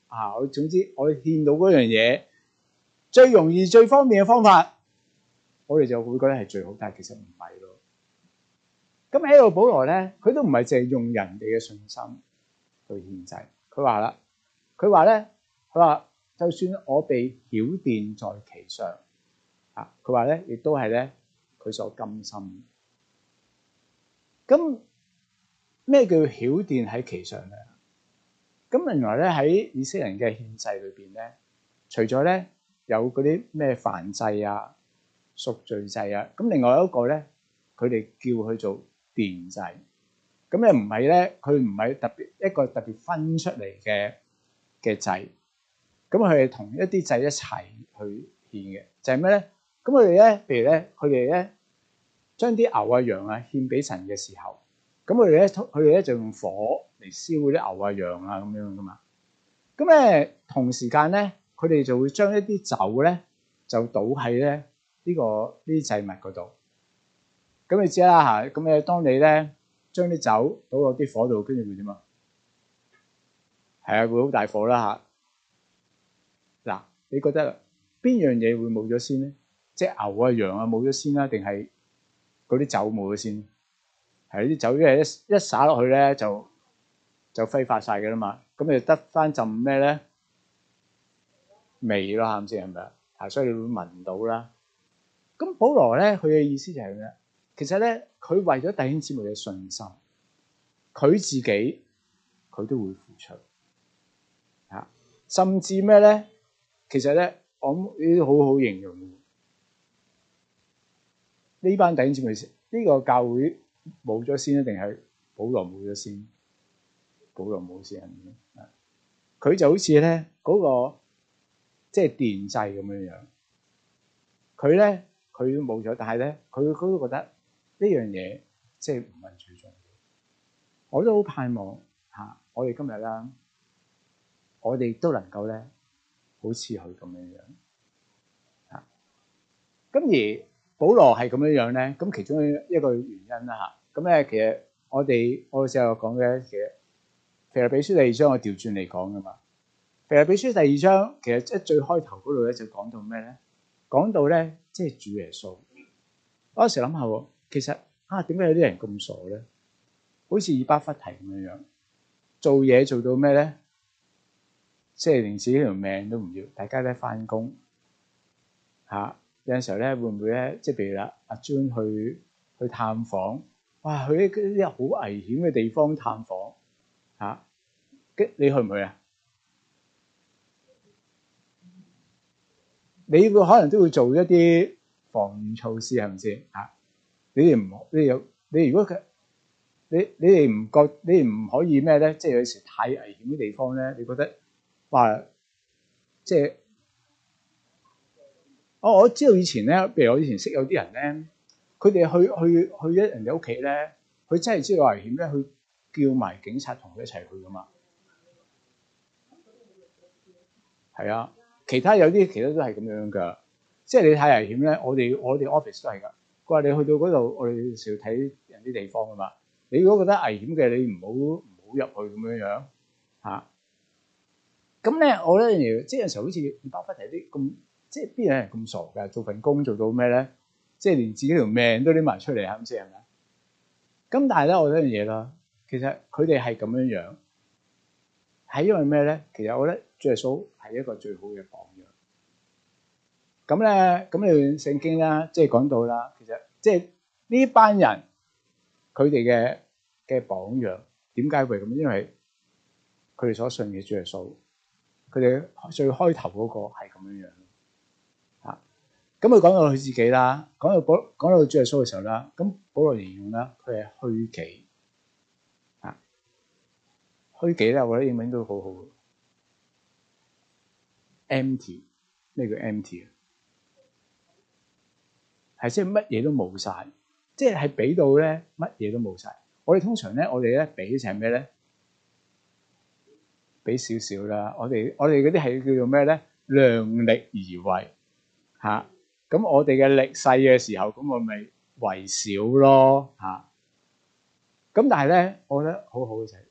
啊！我總之我哋見到嗰樣嘢最容易最方便嘅方法，我哋就會覺得係最好，但係其實唔係咯。咁喺度保羅咧，佢都唔係淨係用人哋嘅信心去獻祭。佢話啦，佢話咧，佢話就算我被曉電在其上，啊，佢話咧，亦都係咧，佢所甘心。咁咩叫曉電喺其上咧？咁原來咧喺以色列人嘅獻祭裏邊咧，除咗咧有嗰啲咩燔祭啊、贖罪祭啊，咁另外一個咧，佢哋叫佢做奠祭。咁又唔係咧，佢唔係特別一個特別分出嚟嘅嘅祭。咁佢哋同一啲祭一齊去獻嘅，就係咩咧？咁佢哋咧，譬如咧，佢哋咧將啲牛啊、羊啊獻俾神嘅時候，咁佢哋咧，佢哋咧就用火。嚟燒嗰啲牛啊、羊啊咁樣噶嘛，咁咧同時間咧，佢哋就會將一啲酒咧就倒喺咧呢個呢啲祭物嗰度。咁你知啦嚇，咁嘅當你咧將啲酒倒落啲火度，跟住會點啊？係啊，會好大火啦嚇！嗱，你覺得邊樣嘢會冇咗先咧？即牛啊、羊啊冇咗先啦，定係嗰啲酒冇咗先？係啲酒一一灑落去咧就～就揮發晒嘅啦嘛，咁就得翻浸咩咧味咯，啱先係咪啊？所以你會聞到啦。咁保羅咧，佢嘅意思就係咩？其實咧，佢為咗弟兄姊妹嘅信心，佢自己佢都會付出嚇，甚至咩咧？其實咧，我呢啲好好形容呢班弟兄姊妹，呢個教會冇咗先，定係保羅冇咗先？保羅冇事人嘅，佢就好似咧嗰個即係、就是、電掣咁樣樣，佢咧佢冇咗，但係咧佢佢都覺得呢樣嘢即係唔係最重要。我都好盼望吓、啊，我哋今日啦，我哋都能夠咧，好似佢咁樣樣吓。咁、啊、而保羅係咁樣樣咧，咁其中一一個原因啦吓。咁、啊、咧其實我哋我哋成日講嘅其實。腓立比書第二章我調轉嚟講噶嘛？腓立比書第二章其實一最開頭嗰度咧就講到咩咧？講到咧即係主耶穌。我有時諗下，其實啊，點解有啲人咁傻咧？好似以巴弗提咁樣樣，做嘢做到咩咧？即係連自己條命都唔要。大家都係翻工吓，有陣時候咧會唔會咧？即係譬如啦，阿、啊、尊去去探訪，哇！去一啲一啲好危險嘅地方探訪。吓，你去唔去啊？你會可能都會做一啲防禦措施，係咪先？吓，你哋唔，你有你如果佢，你你哋唔覺，你哋唔可以咩咧？即係有時太危險嘅地方咧，你覺得話即係，我、哦、我知道以前咧，譬如我以前識有啲人咧，佢哋去去去咗人哋屋企咧，佢真係知道危險咧，去。叫埋警察同佢一齊去噶嘛？係啊、嗯，其他有啲其實都係咁樣噶，即係你太危險咧。我哋我哋 office 都係噶。佢話你去到嗰度，我哋要睇人啲地方噶嘛。你如果覺得危險嘅，你唔好唔好入去咁樣樣吓。咁、嗯、咧、嗯，我咧，即、就、係、是、有時候好似包發財啲咁，即係邊有人咁傻噶？做份工做到咩咧？即係連自己條命都拎埋出嚟，係先？係咪？咁但係咧，我呢樣嘢啦。其實佢哋係咁樣樣，係因為咩咧？其實我覺得主耶穌係一個最好嘅榜樣。咁咧，咁你聖經啦，即係講到啦，其實即係呢班人佢哋嘅嘅榜樣，點解會咁？因為佢哋所信嘅主耶穌，佢哋最開頭嗰個係咁樣樣。吓、啊，咁佢講到佢自己啦，講到講講到主耶穌嘅時候啦，咁保羅形容啦，佢係虛己。可以幾叻？我覺得英文都好好。empty 咩叫 empty 啊？係即係乜嘢都冇晒。即係係俾到咧，乜嘢都冇晒。我哋通常咧，我哋咧俾成咩咧？俾少少啦。我哋我哋嗰啲係叫做咩咧？量力而為嚇。咁、啊、我哋嘅力細嘅時候，咁我咪為少咯嚇。咁、啊、但係咧，我覺得好好嘅就係。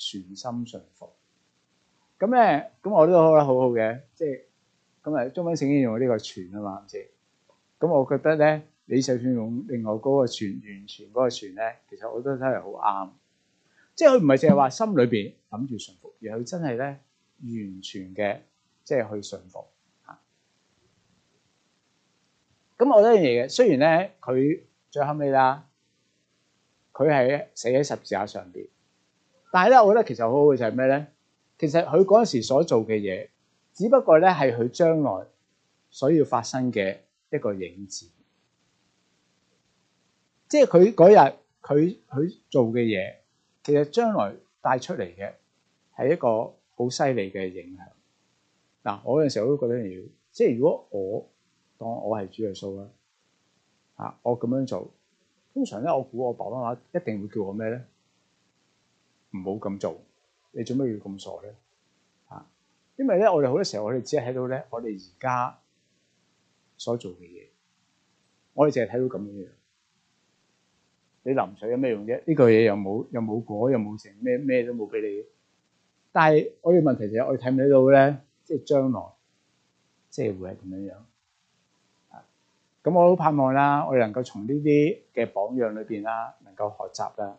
全心順服，咁咧，咁我都覺得好好嘅，即係咁啊嘛，中文聖經用呢、這個全啊嘛，咁我覺得咧，你就算用另外嗰、那個全，完全嗰、那個全咧，其實我覺得真係好啱，即係佢唔係淨係話心裏邊諗住順服，而佢真係咧完全嘅，即、就、係、是、去順服嚇。咁我覺得嘢嘅，雖然咧佢最後尾啦，佢係死喺十字架上邊。但係咧，我覺得其實好好嘅就係咩咧？其實佢嗰陣時所做嘅嘢，只不過咧係佢將來所要發生嘅一個影子。即係佢嗰日佢佢做嘅嘢，其實將來帶出嚟嘅係一個好犀利嘅影響。嗱，我嗰陣時我都覺得要，即係如果我當我係主耶穌啦，啊，我咁樣做，通常咧我估我爸爸媽媽一定會叫我咩咧？唔好咁做，你做咩要咁傻咧？啊，因為咧，我哋好多時候我我，我哋只係睇到咧，我哋而家所做嘅嘢，我哋淨係睇到咁樣樣。你淋水有咩用啫？呢、呢個嘢又冇，又冇果，又冇成，咩咩都冇俾你。但係我哋問題就係我哋睇唔睇到咧，即係將來即是是，即係會係咁樣樣？啊，咁我好盼望啦，我哋能夠從呢啲嘅榜樣裏邊啦，能夠學習啦。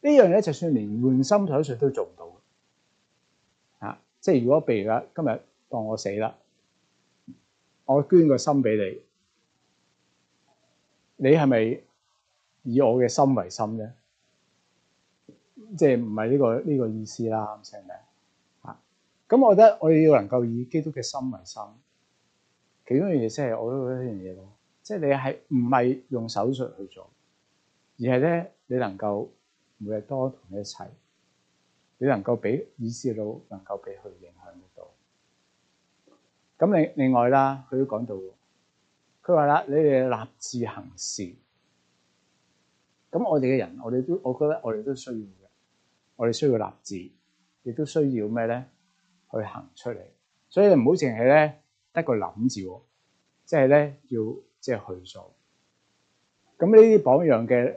呢樣嘢就算連換心手術都做唔到，啊！即係如果譬如啦，今日當我死啦，我捐個心俾你，你係咪以我嘅心為心咧？即係唔係呢個呢個意思啦，啱先係咪啊？啊！咁我覺得我哋要能夠以基督嘅心為心，其中一樣嘢即係我都覺得呢樣嘢咯，即係你係唔係用手術去做，而係咧你能夠。每日多同你一齊，你能夠俾意士佬能夠俾佢影響到。咁另另外啦，佢都講到，佢話啦，你哋立志行事。咁我哋嘅人，我哋都我覺得我哋都需要嘅，我哋需要立志，亦都需要咩咧？去行出嚟。所以你唔好淨係咧得個諗字，即係咧要即係去做。咁呢啲榜樣嘅。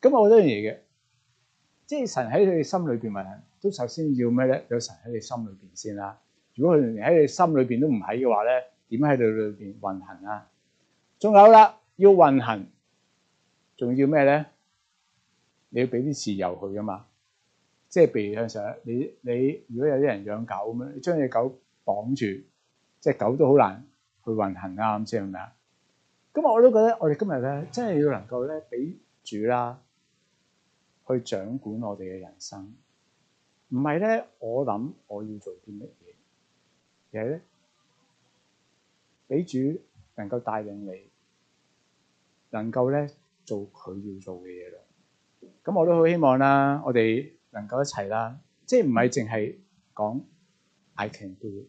咁我覺得樣嘢嘅，即係神喺你心裏邊咪都首先要咩咧？有神喺你心裏邊先啦。如果佢連喺你心裏邊都唔喺嘅話咧，點喺度裏邊運行啊？仲有啦，要運行，仲要咩咧？你要俾啲自由佢噶嘛？即係譬如有陣時，你你如果有啲人養狗咁樣，你將隻狗綁住，隻狗都好難去運行啊！啱先係咪啊？咁我都覺得我哋今日咧，真係要能夠咧俾主啦。去掌管我哋嘅人生，唔係咧，我諗我要做啲乜嘢，其實咧，俾主能夠帶領你，能夠咧做佢要做嘅嘢啦。咁我都好希望啦，我哋能夠一齊啦，即係唔係淨係講 I can do，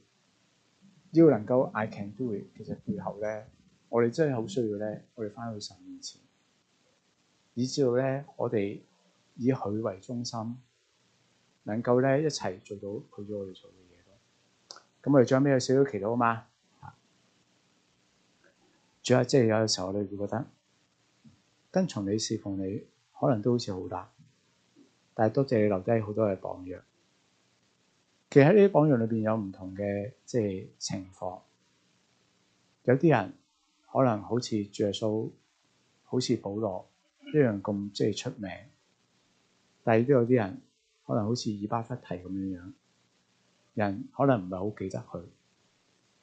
要能夠 I can do，it, 其實背後咧，我哋真係好需要咧，我哋翻去十年前，以至道咧，我哋。以佢為中心，能夠咧一齊做到佢做我哋做嘅嘢。咁我哋最後屘的有少少祈禱啊嘛。主要即係有時候，你會覺得跟從你、侍奉你，可能都好似好難。但係多謝你留低好多嘅榜樣。其實喺呢啲榜樣裏邊有唔同嘅即係情況，有啲人可能好似耶穌、好似保羅一樣咁即係出名。但係都有啲人可能好似以巴弗提咁樣樣，人可能唔係好記得佢，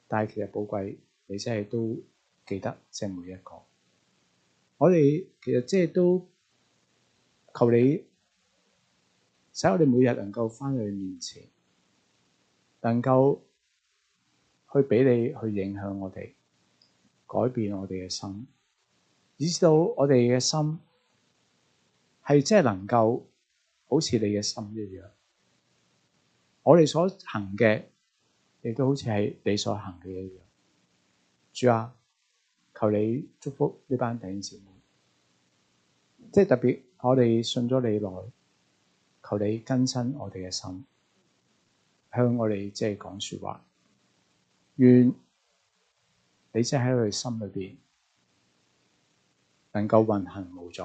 但係其實寶貴，你真係都記得，即係每一個。我哋其實即係都求你，使我哋每日能夠翻去面前，能夠去俾你去影響我哋，改變我哋嘅心，以至到我哋嘅心係即係能夠。好似你嘅心一樣，我哋所行嘅亦都好似係你所行嘅一樣。主啊，求你祝福呢班弟兄姊妹，即係特別我哋信咗你耐，求你更新我哋嘅心，向我哋即係講説話，願你即係喺我哋心裏邊能夠運行無阻。